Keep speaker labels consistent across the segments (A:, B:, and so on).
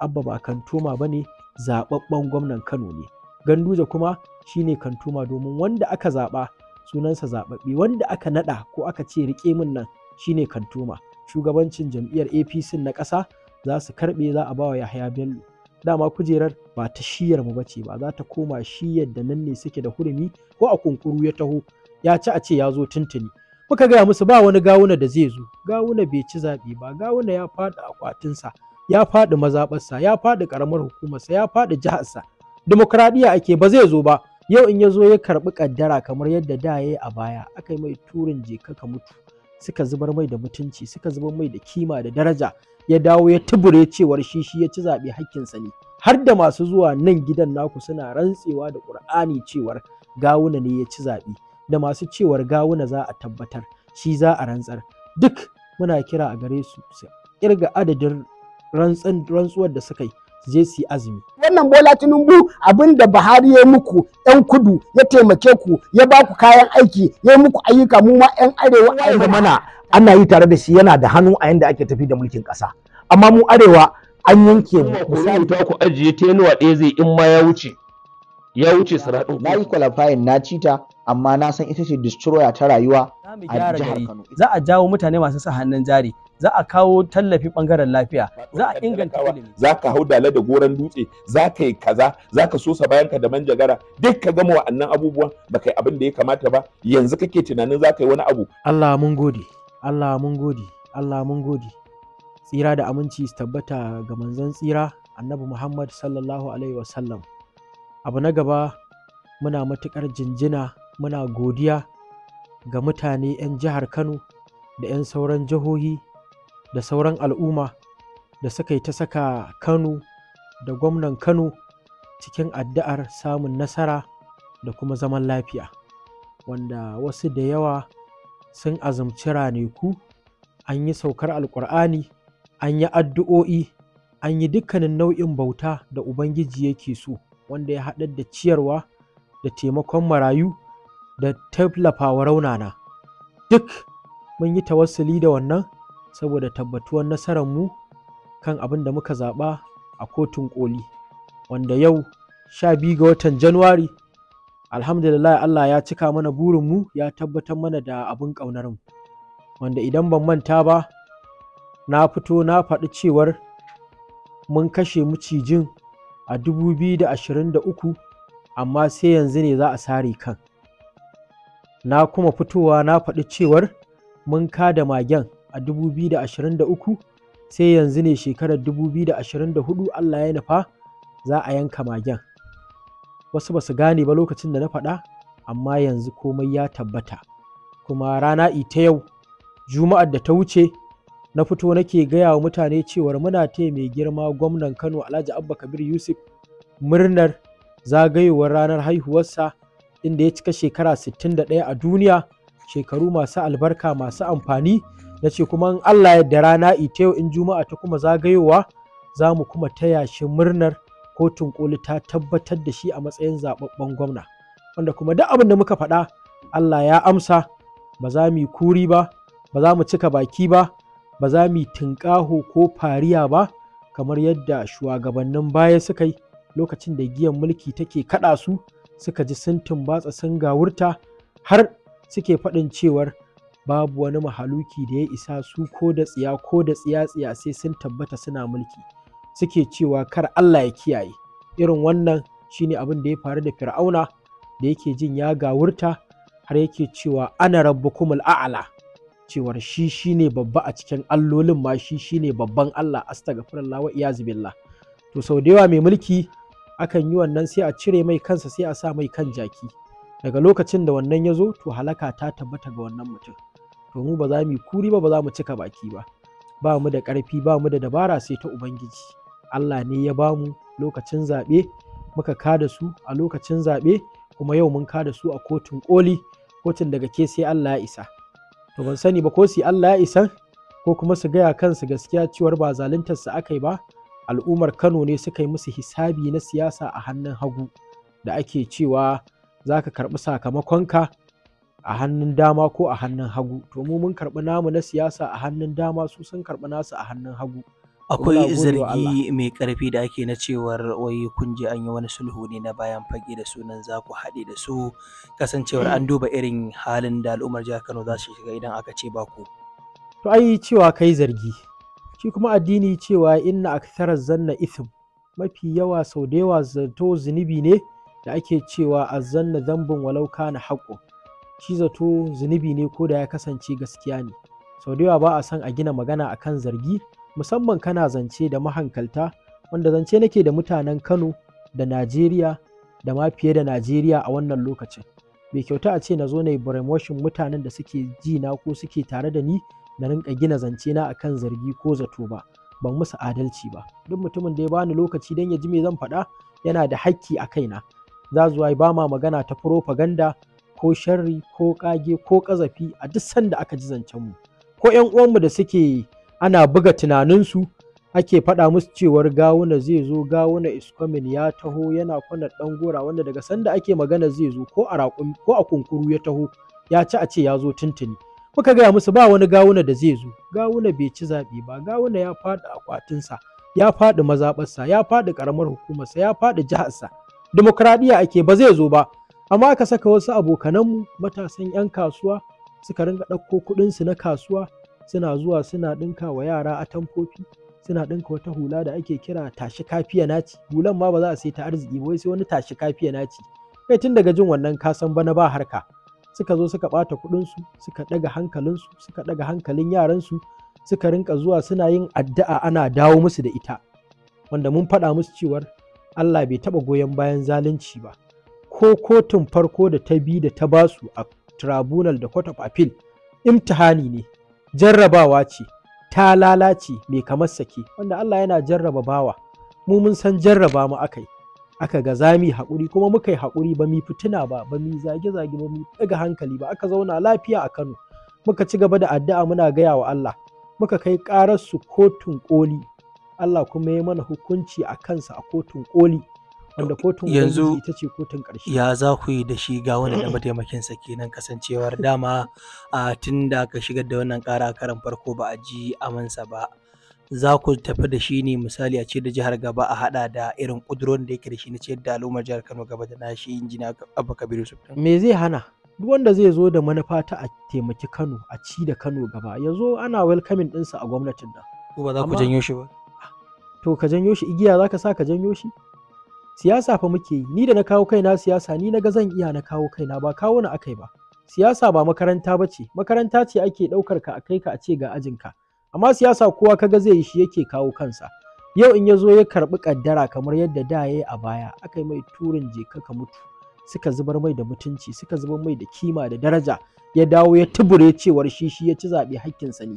A: abba ba kantoma ba ne zaɓaɓɓen gwamnan kano ne ganduje kuma shine kantoma domin wanda aka zaɓa sunansa zaɓaɓɓe wanda aka naɗa ko aka ce riƙe min nan shine kantoma shugabancin jam'iyyar apc na ƙasa za su karɓe za a bawa yahaya bello dama kujerar ba ta shiyar mu bace ba za ta koma shiyar da nan ne suke da hurumi ko a kunkuru ya taho ya ci a ce ya zo tuntuni muka gaya musu ba wani gawuna da zai zo gawuna bai ci zaɓe ba gawuna ya faɗi akwatinsa ya faɗi mazaɓarsa ya faɗi ƙaramar hukumarsa ya faɗi jiharsa dimokuraɗiyya ake ba zai zo ba yau in ya zo ya karɓi ƙaddara kamar yadda da ya a baya aka yi mai turin jeka ka mutu suka zubar mai da mutunci suka zubar mai da kima da daraja ya dawo ya tubure cewar shi shi ya ci zaɓe hakkinsa ne har da masu zuwa nan gidan naku suna rantsewa da ƙur'ani cewar gawuna ne ya ci zaɓe da masu cewar gawuna za a tabbatar shi za a rantsar duk muna kira a gare su su kirga adadin rantsuwar da suka yi su je su yi azumi. Wannan Bola Tinubu abin da Buhari ya yi muku 'yan kudu ya taimake ku ya ba ku kayan aiki ya muku ayyuka mu ma 'yan arewa. Ya mana ana yi tare da shi yana da hannu a yanda ake tafi da mulkin ƙasa. Amma mu arewa an yanke mu. Misali ta ku ajiye tenuwa ɗaya zai in ma ya wuce.
B: Ya wuce Na yi kwalafayin na cita amma na san ita ce destroyer ta rayuwa za a jawo
A: mutane masu sa hannun jari za a kawo tallafi bangaren lafiya za a inganta ilimi za ka hau dala da goran dutse za ka yi kaza za ka sosa bayanka da manjagara duk ka gama wa'annan abubuwan ba kai abin da ya kamata ba yanzu kake tunanin za ka yi wani abu Allah mun gode Allah mun gode Allah mun gode tsira da aminci su tabbata ga manzon tsira annabi Muhammad sallallahu alaihi wasallam abu na gaba muna matukar jinjina muna godiya ga mutane 'yan jihar Kano da 'yan sauran jihohi da sauran al'umma da suka yi ta saka Kano da gwamnan Kano cikin addu'ar samun nasara da kuma zaman lafiya wanda wasu da yawa sun azumci raneku an yi saukar alkur'ani an yi addu'o'i an yi dukkanin nau'in bauta da ubangiji yake so wanda ya haɗar da ciyarwa da taimakon marayu da tallafawa raunana duk mun yi tawassuli da wannan saboda tabbatuwar nasarar mu kan abin da muka zaɓa a kotun koli wanda yau sha biyu ga watan januwari alhamdulillah Allah ya cika mana burin mu ya tabbatar mana da abin ƙaunarmu wanda idan ban manta ba na fito na faɗi cewar mun kashe macijin a 2023 amma sai yanzu ne za a sare kan na kuma fitowa na faɗi cewar mun kada magen a 2023 sai yanzu ne shekarar 2024 Allah ya nufa za a yanka magen wasu ba su gane ba lokacin da na faɗa amma yanzu komai ya tabbata kuma rana ita yau juma'ar da ta wuce na fito nake gaya wa mutane cewar muna taya mai girma gwamnan kano alhaji abba kabir yusuf murnar zagayowar ranar haihuwarsa inda ya cika shekara 61 a duniya shekaru masu albarka masu amfani na ce kuma in Allah yadda rana ita yau in juma'a ta kuma zagayowa za mu kuma ta shi murnar kotun koli ta tabbatar da shi a matsayin zababben gwamna wanda kuma duk abin da muka faɗa Allah ya amsa ba za mu yi kuri ba ba za mu cika baki ba ba za mu yi tunƙaho ko fariya ba kamar yadda shugabannin baya suka yi lokacin da giyan mulki take kaɗa su suka ji sun tumbatsa sun gawurta har suke faɗin cewar babu wani mahaluki da ya isa su ko da tsiya ko da tsiya tsiya sai sun tabbata suna mulki suke cewa kar Allah ya kiyaye irin wannan shine abin da ya faru da fir'auna da yake jin ya gawurta har yake cewa ana rabbukumul a'ala cewar shi shine babba a cikin allolin ma shi shine babban Allah astagfirullah wa iyazu to sau da yawa mai mulki akan yi wannan sai a cire mai kansa sai a sa mai kan jaki daga lokacin da wannan ya zo to halaka ta tabbata ga wannan mutum to mu ba za mu yi kuri ba ba za mu cika baki ba ba mu da ƙarfi ba mu da dabara sai ta ubangiji Allah ne ya bamu lokacin zaɓe muka ka da su a lokacin zaɓe kuma yau mun ka da su a kotun ƙoli kotun daga ke sai Allah ya isa to ban sani ba ko sai Allah ya isa ko kuma su gaya kansu gaskiya cewar ba zaluntarsa su aka ba al'ummar kano ne suka yi musu hisabi na siyasa a hannun hagu da ake cewa za ka karɓi sakamakonka a hannun dama ko a hannun hagu to mu mun karɓi namu na siyasa a hannun dama su sun karɓi nasu a hannun hagu akwai zargi
B: mai karfi da ake na cewar wai kun je an yi wani sulhu ne na bayan fage da sunan za ku haɗe da su kasancewar an duba irin halin da al'ummar jihar kano za su shiga idan aka ce ba ku
A: to ai cewa kai zargi shi kuma addini cewa inna akthara zanna ithm mafi yawa sau da yawa zato zunubi ne da ake cewa azanna zambin walau kana haƙƙo. shi zato zunubi ne ko da ya kasance gaskiya ne sau da yawa ba a san a gina magana a kan zargi musamman kana zance da mahankalta wanda zance nake da mutanen Kano da Najeriya da ma fiye da Najeriya a wannan lokacin bai kyauta a ce na zo na yi mutanen da suke ji na ko suke tare da ni na rinka gina zance na akan zargi ko zato ba ban musu adalci ba duk mutumin da ya bani lokaci dan ya ji me zan faɗa yana da hakki a kaina za zuwa ba ma magana ta propaganda ko sharri ko kage ko kazafi a duk sanda aka ji zancen mu ko yan uwanmu da suke ana buga tunaninsu ake faɗa musu cewar gawuna zai zo gawuna iskomin ya taho yana kwana ɗan gora wanda daga sanda ake magana zai zo ko a ko a kunkuru ya taho ya ci a ce ya zo tuntuni Kuka gaya musu ba wani gawuna da zai zo gawuna bai ci zaɓe ba gawuna ya faɗi akwatinsa ya faɗi mazaɓarsa ya faɗi ƙaramar hukumarsa ya faɗi jiharsa dimokuraɗiyya ake ba zai zo ba amma aka saka wasu abokananmu matasan 'yan kasuwa suka ringa ɗauko kuɗinsu na kasuwa suna zuwa suna ɗinka wa yara atamfofi suna ɗinka wata hula da ake kira tashi kafiya naci hulan ma ba za a sai ta arziki ba wai sai wani tashi kafiya naci kai tun daga jin wannan kasan bana ba harka suka zo suka ɓata kuɗinsu suka ɗaga hankalinsu suka ɗaga hankalin yaransu suka rinka zuwa suna yin addu'a ana dawo musu da ita wanda mun faɗa musu cewar Allah bai taɓa goyon bayan zalunci ba ko kotun farko da ta bi da ta basu a tribunal da court of appeal imtihani ne jarrabawa ce ta lalace mai kamar sake wanda Allah yana jarraba bawa mu mun san jarraba mu akai aka ga za mu haƙuri kuma muka yi haƙuri ba mu fitina ba ba mu zage-zage ba mu ɗaga hankali ba aka zauna lafiya a Kano muka ci gaba da addu'a muna gaya wa Allah muka kai ƙarar su kotun koli Allah kuma ya mana hukunci a kansa a kotun koli wanda kotun yanzu ita ce kotun ƙarshe ya
B: za ku yi da shi ga wani da mataimakin sa kenan kasancewar dama a tun da aka shigar da wannan ƙara karan farko ba a ji amansa ba za ku tafi da shi ne misali a ce da jihar gaba a hada da irin kudurorin da yake da shi na ciyar da al'ummar jihar Kano gaba da nashi injina abu Kabiru su. Me zai
A: hana? Duk wanda zai zo da manufa ta a taimaki Kano a ci da Kano gaba ya zo ana welcoming ɗinsa a gwamnatin da.
B: Ko ba za ku janyo shi ba?
A: To ka janyo shi igiya za ka sa ka janyo shi? Siyasa fa muke yi, ni da na kawo kaina siyasa ni na ga zan iya na kawo kaina ba kawo na akai ba. Siyasa ba makaranta ba ce, makaranta ce ake ɗaukar ka a kai ka a ce ga ajinka. amma siyasa kowa kaga zai yi shi yake kawo kansa yau in ya zo ya karɓi ƙaddara kamar yadda da ya yi a baya aka yi mai turin jeka ka mutu suka zubar mai da mutunci suka zubar mai da kima da daraja ya dawo ya tubure cewar shi shi ya ci zaɓe hakkinsa ne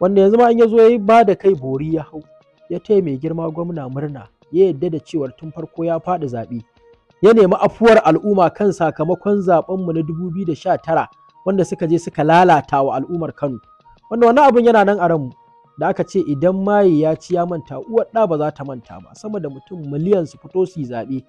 A: wanda yanzu ma in ya zo ya ba da kai bori ya hau ya taya mai girma gwamna murna ya yadda da cewar tun farko ya faɗi zaɓe ya nemi afuwar al'umma kan sakamakon zaɓenmu na 2019 wanda suka je suka lalata wa al'ummar Kano wanda wani abun yana nan a ranmu da aka ce idan maye ya ci ya manta uwar ɗa ba za ta manta ba sama da mutum miliyan su fito su zaɓe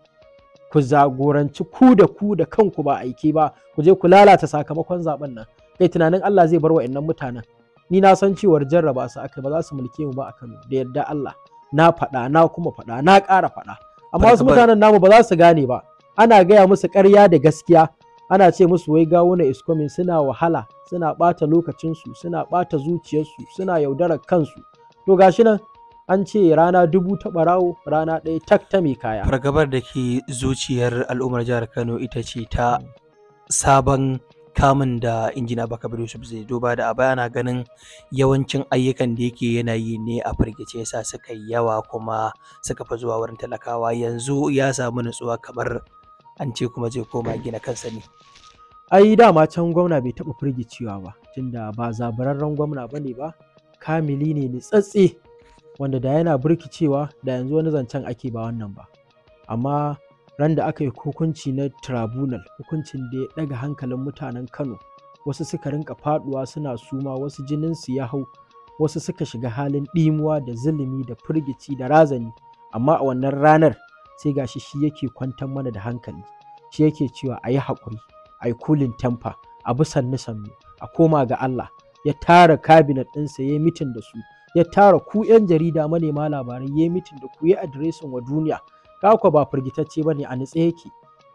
A: ku zagoranci ku da ku da kanku ba aike ba ku je ku lalata sakamakon zaben nan kai tunanin Allah zai bar wa'annan mutanen ni na san cewar jarraba su aka ba za su mulke mu ba a Kano da yarda Allah na faɗa na kuma faɗa na ƙara faɗa amma wasu mutanen namu ba za su gane ba ana gaya musu ƙarya da gaskiya ana ce musu wai gawuna iskomin suna wahala suna ɓata lokacinsu suna ɓata zuciyarsu suna yaudarar kansu to gashi nan an ce rana dubu ta ɓarawo rana ɗaya tak ta mai kaya
B: fargabar da ke zuciyar al'ummar jihar kano ita ce ta sabon kamun da injina baka bari su zai duba da a bayana ganin yawancin ayyukan da yake yanayi ne a firgice yasa suka yawa kuma suka fi zuwa wurin talakawa yanzu ya samu nutsuwa kamar an ce kuma zai koma gina kansa ne
A: ai dama can gwamna bai taɓa firgicewa ba tunda ba zabararren gwamna ba ne ba kamili ne nitsatse wanda da yana birkicewa da yanzu wani zancen ake ba wannan ba amma ran da aka yi hukunci na tribunal hukuncin da ya ɗaga hankalin mutanen kano wasu suka rinka faduwa suna suma wasu jinin su ya hau wasu suka shiga halin ɗimuwa da zulumi da firgici da razani amma a wannan ranar sai gashi shi yake kwantar mana da hankali shi yake cewa a yi haƙuri a yi kulin tempa a bi sannu sannu a koma ga Allah ya tara kabinet ɗinsa ya yi mitin da su ya tara ku 'yan jarida manema labarai ya yi mitin da ku ya adiresin wa duniya kaka ba firgitacce ba ne a nutse yake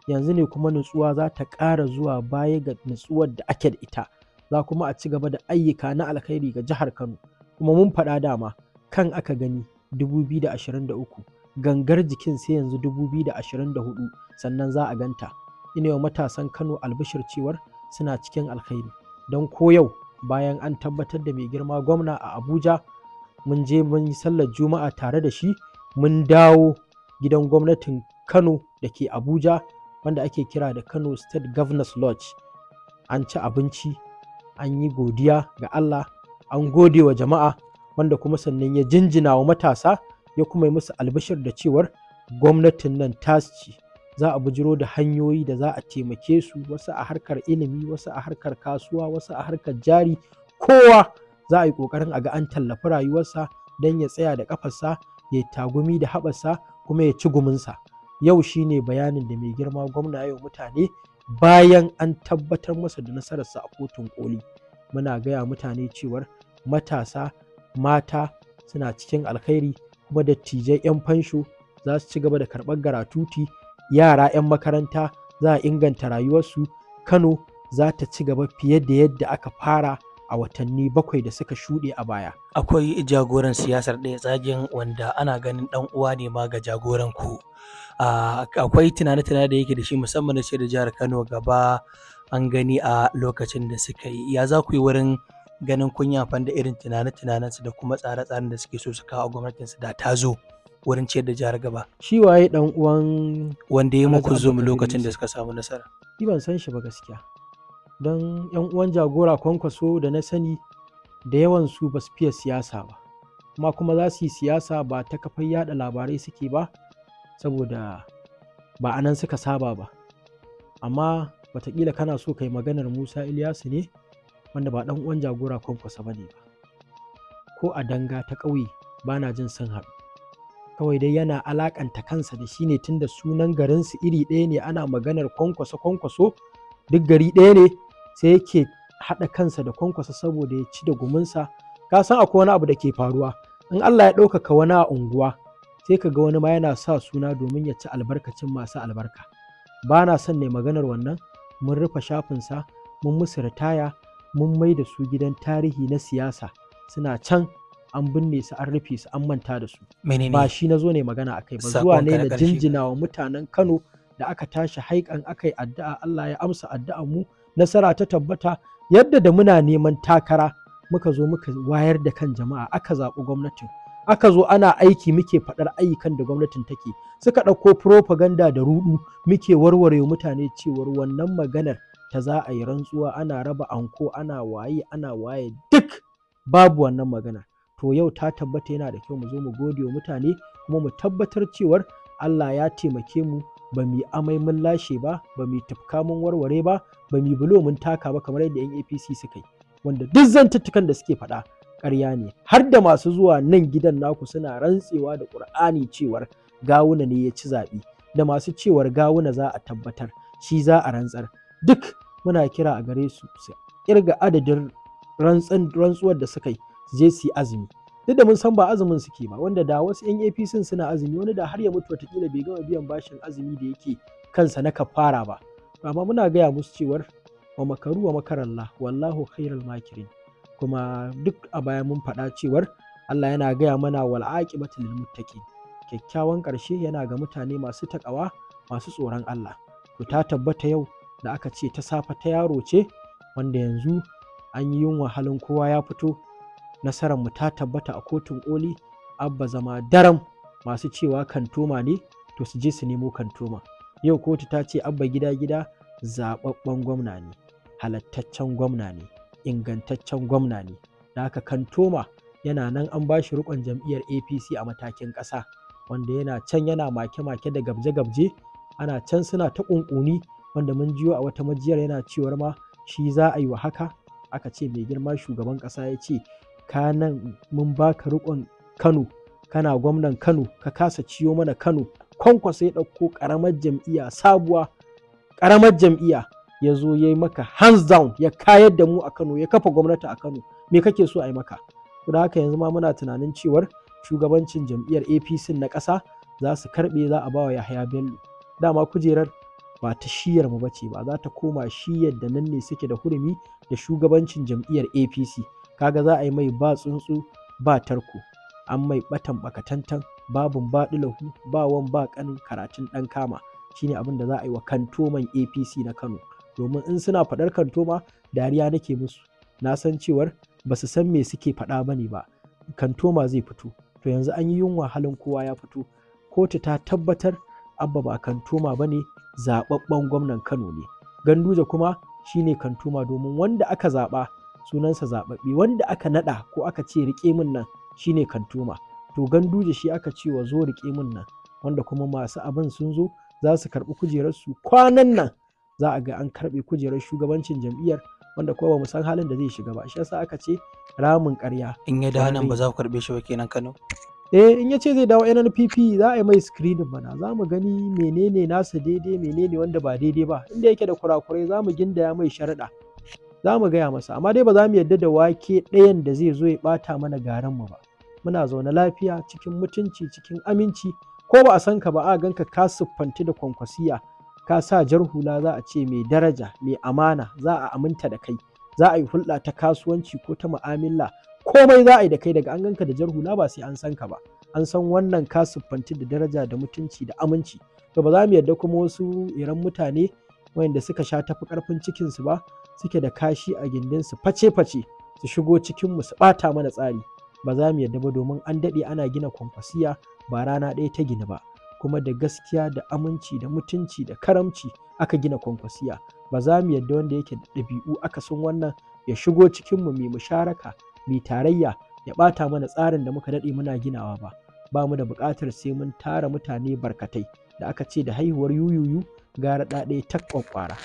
A: yanzu ne kuma nutsuwa za ta ƙara zuwa baya ga nutsuwar da ake da ita za kuma a ci gaba da ayyuka na alkhairi ga jihar kano kuma mun faɗa dama kan aka gani 2023 gangar jikin sai yanzu 2024 sannan za a ganta ina yau matasan kano albishir cewar suna cikin alkhairi don ko yau bayan an tabbatar da mai girma gwamna a abuja mun je mun yi sallar juma'a tare da shi mun dawo gidan gwamnatin kano da ke abuja wanda ake kira da kano state governors lodge an ci abinci an yi godiya ga allah an gode wa jama'a wanda kuma sannan ya jinjina wa matasa ya kuma yi musu albashir da cewar gwamnatin nan tasci za a bujiro da hanyoyi da za a taimake su wasu a harkar ilimi wasu a harkar kasuwa wasu a harkar jari kowa za a yi ƙoƙarin a ga an tallafi rayuwarsa don ya tsaya da ƙafarsa ya tagumi da haɓarsa kuma ya ci guminsa yau shine bayanin da mai girma gwamna yau mutane bayan an tabbatar masa da nasararsa a kotun koli muna gaya mutane cewar matasa mata suna cikin alkhairi kuma dattijai 'yan fansho za su ci gaba da karɓar garatuti yara 'yan makaranta za a inganta rayuwarsu kano za ta ci gaba fiye da yadda aka fara a watanni bakwai da suka
B: shuɗe a baya. Akwai jagoran siyasar ɗaya tsagen wanda ana ganin ɗan uwa ne ma ga jagoran ku. Akwai tunane-tunane da yake da shi musamman da shi da jihar Kano gaba an gani a lokacin da suka yi. Ya za ku yi wurin ganin kun yi amfani da irin tunane-tunanensu da kuma tsare-tsaren da suke so su kawo gwamnatinsu da ta zo wurin ciyar da jihar gaba.
A: Shi waye dan uwan
B: wanda ya muku zoom lokacin da suka samu nasara.
A: Ni ban san shi ba gaskiya. Don yan uwan jagora kwankwaso da na sani da yawan su ba su fiye siyasa ba. Kuma kuma za su yi siyasa ba ta kafar yada labarai suke ba saboda ba anan suka saba ba. Amma wataƙila kana so kai maganar Musa Ilyasu ne wanda ba ɗan uwan jagora kwankwasa ba ne ba ko a danga ta ƙauye ba na jin sun haɗu kawai dai yana alaƙanta kansa da shi ne tunda sunan garinsu iri ɗaya ne ana maganar kwankwaso kwankwaso duk gari ɗaya ne sai yake haɗa kansa da kwankwasa saboda ya ci da guminsa ka san akwai wani abu da ke faruwa in Allah ya ɗaukaka wani a unguwa sai ka ga wani ma yana sa suna domin ya ci albarkacin masu albarka ba na son ne maganar wannan mun rufe shafinsa mun musu ritaya mun mai da su gidan tarihi na siyasa suna can an binne su an rufe su an manta da su ba shi na zo ne magana a kai ba zuwa ne na jinjina wa mutanen kano da aka tashi haikan aka yi addu'a allah ya amsa addu'a mu nasara ta tabbata yadda da muna neman takara muka zo muka wayar da kan jama'a aka zaɓi gwamnatin aka zo ana aiki muke faɗar ayyukan da gwamnatin take suka ɗauko propaganda da rudu muke warware mutane cewar wannan maganar ta za a yi rantsuwa ana raba anko ana waye ana waye duk babu wannan magana to yau ta tabbata yana da kyau mu zo mu gode wa mutane kuma mu tabbatar cewar Allah ya taimake mu ba mu amai mun lashe ba ba mu tafka mun warware ba ba mu bulo mun taka ba kamar yadda 'yan APC suka yi wanda duk zantuttukan da suke faɗa ƙarya ne har da masu zuwa nan gidan naku suna rantsewa da ƙur'ani cewar gawuna ne ya ci zaɓe da masu cewar gawuna za a tabbatar shi za a rantsar duk muna kira a gare su su kirga adadin rantsuwar da suka yi su je su yi azumi duk da mun san ba azumin suke ba wanda da wasu yan apc suna azumi wani da har ya mutu watakila bai gama biyan bashin azumi da yake kansa na kafara ba amma muna gaya musu cewar wa makaru wa makaralla, wallahu khairul makirin kuma duk a baya mun faɗa cewar Allah yana gaya mana wal aqibatu lil muttaqin kyakkyawan ƙarshe yana ga mutane masu takawa masu tsoron Allah ku ta tabbata yau da aka ce ta safe ta yaro ce wanda yanzu an yi yunwa halin kowa ya fito nasarar mu ta tabbata a kotun koli abba zama daram masu cewa kantoma ne to su je su nemo kantoma yau kotu ta ce abba gida gida zaɓaɓɓen gwamna ne halattaccen gwamna ne ingantaccen gwamna ne da haka kantoma yana nan an ba shi rikon jam'iyyar apc a matakin ƙasa wanda yana can yana make-make da gabje-gabje ana can suna ta ƙunƙuni wanda mun jiyo a wata majiyar yana cewar ma shi za a yi wa haka aka ce mai girma shugaban ƙasa ya ce ka nan mun baka riƙon kano kana gwamnan kano ka kasa ciyo mana kano kwankwasa ya ɗauko ƙaramar jam'iyya sabuwa ƙaramar jam'iyya ya zo ya yi maka hands down ya kayar da mu a kano ya kafa gwamnati a kano me kake so a yi maka don haka yanzu ma muna tunanin cewar shugabancin jam'iyyar apc na ƙasa za su karɓe za a bawa yahaya bello dama kujerar ba ta shiyar mu bace ba za ta koma shiyar da nan ne suke da hurumi da shugabancin jam'iyyar APC kaga za a yi mai ba tsuntsu ba tarko an mai batan bakatantan babun ba ba wan ba kanin karatun ɗan kama shine abin da za a yi wa kantoman APC na Kano domin in suna faɗar kantoma dariya nake musu na san cewar ba su san me suke faɗa bane ba kantoma zai fito to yanzu an yi yunwa halin kowa ya fito kotu ta tabbatar abba ba kantoma bane zaɓaɓɓen gwamnan Kano ne. Ganduje kuma shi ne kantuma domin wanda aka zaɓa sunansa zaɓaɓɓe wanda aka naɗa ko aka ce riƙe min nan shi ne kantuma to ganduje shi aka ce wa zo riƙe min nan wanda kuma masu abin sun zo za su karɓi kujerarsu kwanan nan za a ga an karɓe kujerar shugabancin jam'iyyar wanda kuma ba mu san halin da zai shiga ba shi yasa aka ce ramin ƙarya
B: in ya da nan ba za ku karɓe shi ba kenan Kano
A: eh in ya ce zai dawo nnpp za a yi mai screening mana za mu gani menene nasa daidai menene wanda ba daidai ba inda yake da kurakurai za mu gindaya mai sharaɗa za mu gaya masa amma dai ba za mu yarda da wake ɗayan da zai zo ya ɓata mana garin mu ba muna zaune lafiya cikin mutunci cikin aminci ko ba a san ka ba a ganka ka siffanti da kwankwasiya ka sa jar hula za a ce mai daraja mai amana za a aminta da kai za a yi hulɗa ta kasuwanci ko ta mu'amala komai za a yi da kai daga an ganka da jar hula ba sai an san ka ba an san wannan ka siffanci da daraja da mutunci da aminci to ba za mu yarda kuma wasu iran mutane wanda suka sha tafi karfin cikin su ba suke da kashi a gindin su face face su shigo cikin mu su bata mana tsari ba za mu yarda ba domin an dade ana gina kwankwasiya ba rana ɗaya ta gina ba kuma da gaskiya da aminci da mutunci da karamci aka gina kwankwasiya ba za mu yarda wanda yake da ɗabi'u aka sun wannan ya shigo cikin mu mai musharaka mai tarayya ya ɓata mana tsarin da muka daɗe muna ginawa ba ba mu da buƙatar sai mun tara mutane barkatai da aka ce da haihuwar yuyuyu gara ɗaɗe ta ƙwaƙwara.